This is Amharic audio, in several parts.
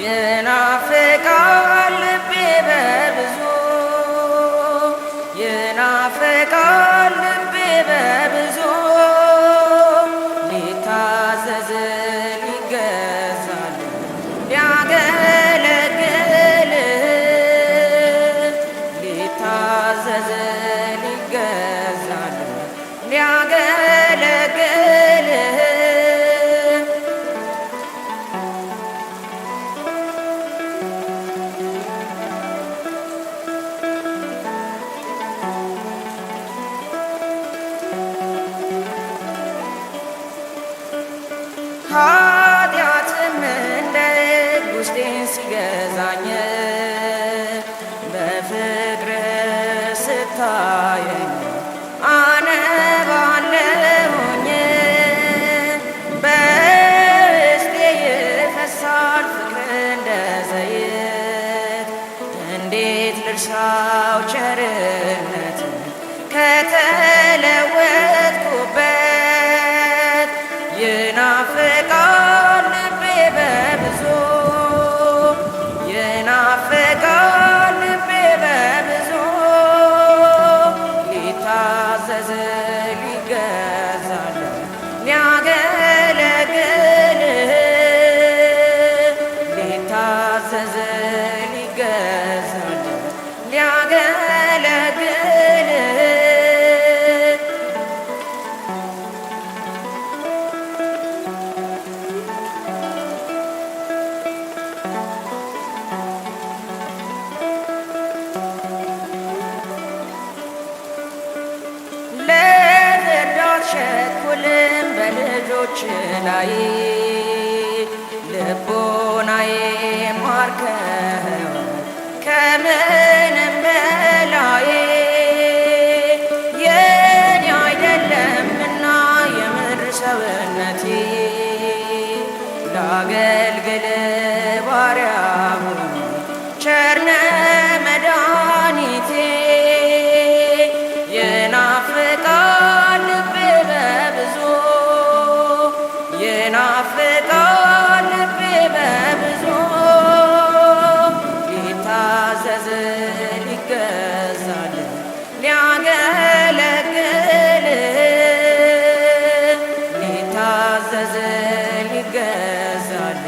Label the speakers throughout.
Speaker 1: Yeah. ኃጢአትም እንደ ሕግ ውስጤን ሲገዛኝ በፍቅር ስታየኝ አነባለሁኝ በውስጤ ይፈሳል ፍቅር እንደ ዘይት እንዴት ልርሳው ቸርነት ከተለወ በልጆች ላይ ልቦናዬ ማርከው ከምንም በላይ የኔ አይደለምና የምር ሰውነቴ ላገልግል ባሪያ ይገዛል ሊያገለግል ሊታዘዝ ይገዛል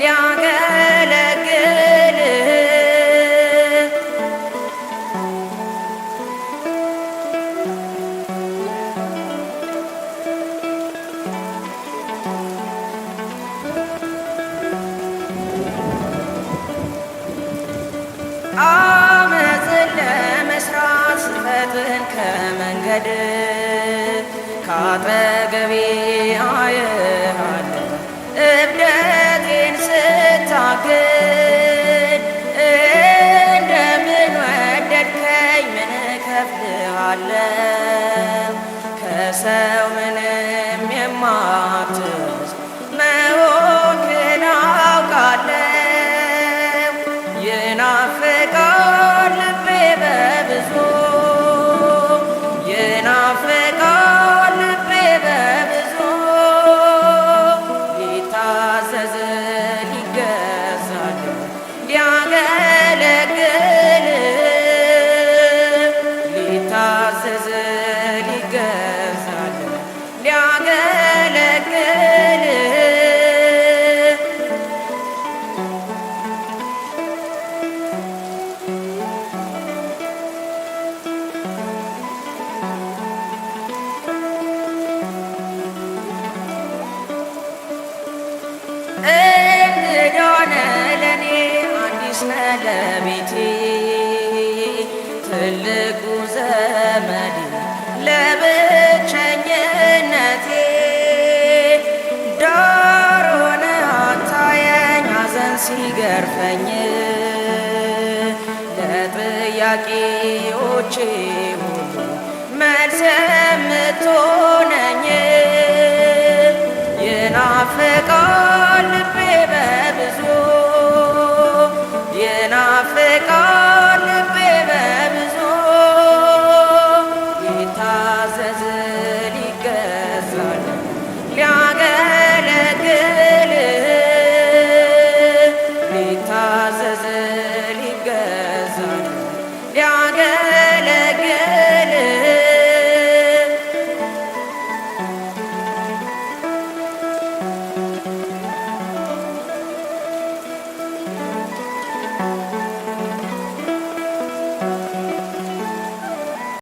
Speaker 1: ሊያገለግል Ah! ርቀትን ከመንገድ ካጠገቤ አየ ባለቤቴ ትልቁ ዘመዴ ለብቸኝነቴ ዳር ሆነህ አታየኝ ሐዘን ሲገርፈኝ ለጥያቄዎቼ ሁሉ መልስ የምትሆነኝ ይናፍቃ